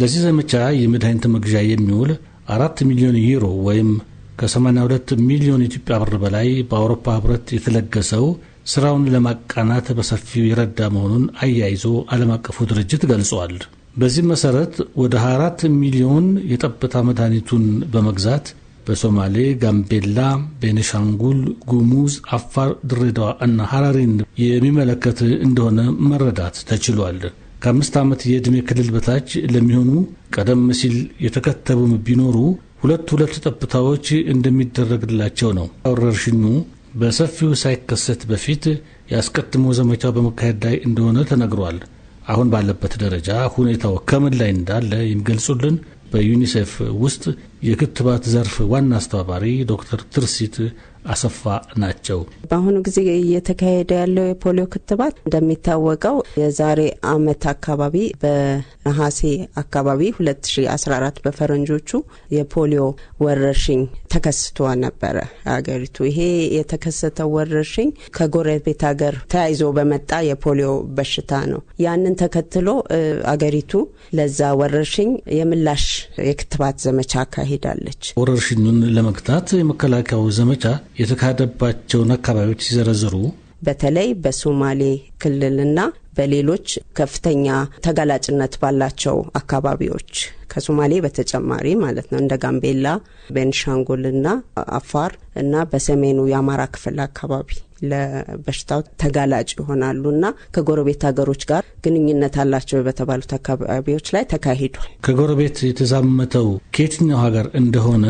ለዚህ ዘመቻ የመድኃኒት መግዣ የሚውል አራት ሚሊዮን ዩሮ ወይም ከ82 ሚሊዮን ኢትዮጵያ ብር በላይ በአውሮፓ ህብረት የተለገሰው ስራውን ለማቃናት በሰፊው የረዳ መሆኑን አያይዞ ዓለም አቀፉ ድርጅት ገልጿል። በዚህም መሠረት ወደ 24 ሚሊዮን የጠብታ መድኃኒቱን በመግዛት በሶማሌ፣ ጋምቤላ፣ ቤኒሻንጉል ጉሙዝ፣ አፋር፣ ድሬዳዋ እና ሐራሪን የሚመለከት እንደሆነ መረዳት ተችሏል። ከአምስት ዓመት የዕድሜ ክልል በታች ለሚሆኑ ቀደም ሲል የተከተቡም ቢኖሩ ሁለት ሁለት ጠብታዎች እንደሚደረግላቸው ነው። ወረርሽኙ በሰፊው ሳይከሰት በፊት የአስቀድሞ ዘመቻ በመካሄድ ላይ እንደሆነ ተነግሯል። አሁን ባለበት ደረጃ ሁኔታው ከምን ላይ እንዳለ የሚገልጹልን በዩኒሴፍ ውስጥ የክትባት ዘርፍ ዋና አስተባባሪ ዶክተር ትርሲት አሰፋ ናቸው። በአሁኑ ጊዜ እየተካሄደ ያለው የፖሊዮ ክትባት እንደሚታወቀው የዛሬ ዓመት አካባቢ በነሐሴ አካባቢ 2014 በፈረንጆቹ የፖሊዮ ወረርሽኝ ተከስቶ ነበረ አገሪቱ። ይሄ የተከሰተው ወረርሽኝ ከጎረቤት ሀገር ተያይዞ በመጣ የፖሊዮ በሽታ ነው። ያንን ተከትሎ አገሪቱ ለዛ ወረርሽኝ የምላሽ የክትባት ዘመቻ ሄዳለች። ወረርሽኙን ለመግታት የመከላከያው ዘመቻ የተካሄደባቸውን አካባቢዎች ሲዘረዝሩ በተለይ በሶማሌ ክልልና በሌሎች ከፍተኛ ተጋላጭነት ባላቸው አካባቢዎች ከሶማሌ በተጨማሪ ማለት ነው እንደ ጋምቤላ፣ ቤንሻንጉል ና አፋር እና በሰሜኑ የአማራ ክፍል አካባቢ ለበሽታው ተጋላጭ ይሆናሉ ና ከጎረቤት ሀገሮች ጋር ግንኙነት አላቸው በተባሉት አካባቢዎች ላይ ተካሂዷል። ከጎረቤት የተዛመተው ከየትኛው ሀገር እንደሆነ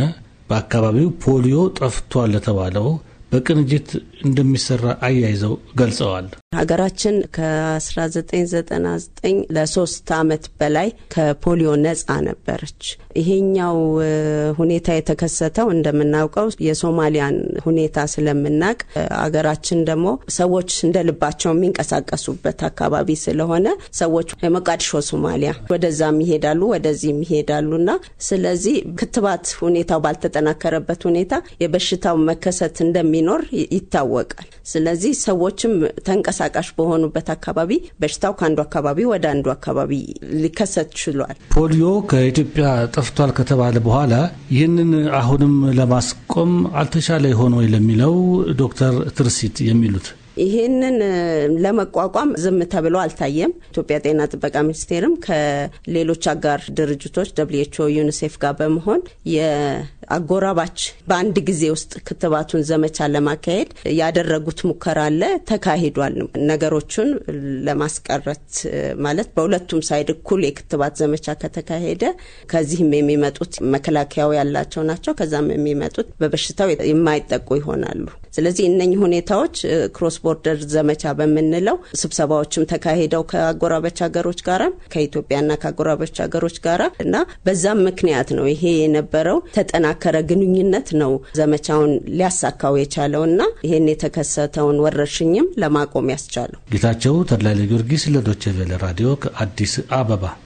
በአካባቢው ፖሊዮ ጠፍቷል ለተባለው በቅንጅት እንደሚሰራ አያይዘው ገልጸዋል። ሀገራችን ከ1999 ለሶስት አመት በላይ ከፖሊዮ ነጻ ነበረች። ይሄኛው ሁኔታ የተከሰተው እንደምናውቀው የሶማሊያን ሁኔታ ስለምናቅ አገራችን ደግሞ ሰዎች እንደ ልባቸው የሚንቀሳቀሱበት አካባቢ ስለሆነ ሰዎች የሞቃዲሾ ሶማሊያ ወደዛም ይሄዳሉ፣ ወደዚህም ና ስለዚህ ክትባት ሁኔታው ባልተጠናከረበት ሁኔታ የበሽታው መከሰት እንደሚኖር ይታወቃል። ስለዚህ ሰዎችም ተንቀ ተንቀሳቃሽ በሆኑበት አካባቢ በሽታው ከአንዱ አካባቢ ወደ አንዱ አካባቢ ሊከሰት ችሏል። ፖሊዮ ከኢትዮጵያ ጠፍቷል ከተባለ በኋላ ይህንን አሁንም ለማስቆም አልተቻለ የሆነ ወይ ለሚለው ዶክተር ትርሲት የሚሉት ይህንን ለመቋቋም ዝም ተብሎ አልታየም። ኢትዮጵያ ጤና ጥበቃ ሚኒስቴርም ከሌሎች አጋር ድርጅቶች ደብሊው ዩኒሴፍ ጋር በመሆን አጎራባች በአንድ ጊዜ ውስጥ ክትባቱን ዘመቻ ለማካሄድ ያደረጉት ሙከራ አለ፣ ተካሂዷል። ነገሮቹን ለማስቀረት ማለት በሁለቱም ሳይድ እኩል የክትባት ዘመቻ ከተካሄደ ከዚህም የሚመጡት መከላከያው ያላቸው ናቸው፣ ከዛም የሚመጡት በበሽታው የማይጠቁ ይሆናሉ። ስለዚህ እነኚህ ሁኔታዎች ክሮስ ቦርደር ዘመቻ በምንለው ስብሰባዎችም ተካሂደው ከአጎራባች ሀገሮች ጋራ ከኢትዮጵያና ከአጎራበች ሀገሮች ጋራ እና በዛም ምክንያት ነው ይሄ የነበረው ተጠና የተጠናከረ ግንኙነት ነው ዘመቻውን ሊያሳካው የቻለውና ይህን የተከሰተውን ወረርሽኝም ለማቆም ያስቻለው። ጌታቸው ተድላይ ለጊዮርጊስ ለዶቼ ቬለ ራዲዮ ከአዲስ አበባ